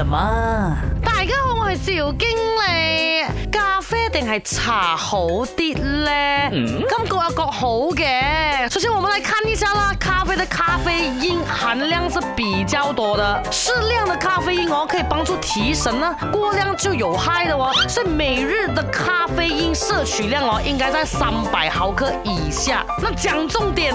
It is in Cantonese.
嘛，什麼大家好，我係趙經理。咖啡定係茶好啲呢？嗯，咁各有各好嘅。首先，我們來看一下啦，咖啡的咖啡因含量是比較多的，適量的咖啡因哦可以幫助提神啦，過量就有害的哦。所以每日的咖啡因攝取量哦應該在三百毫克以下。那講重點。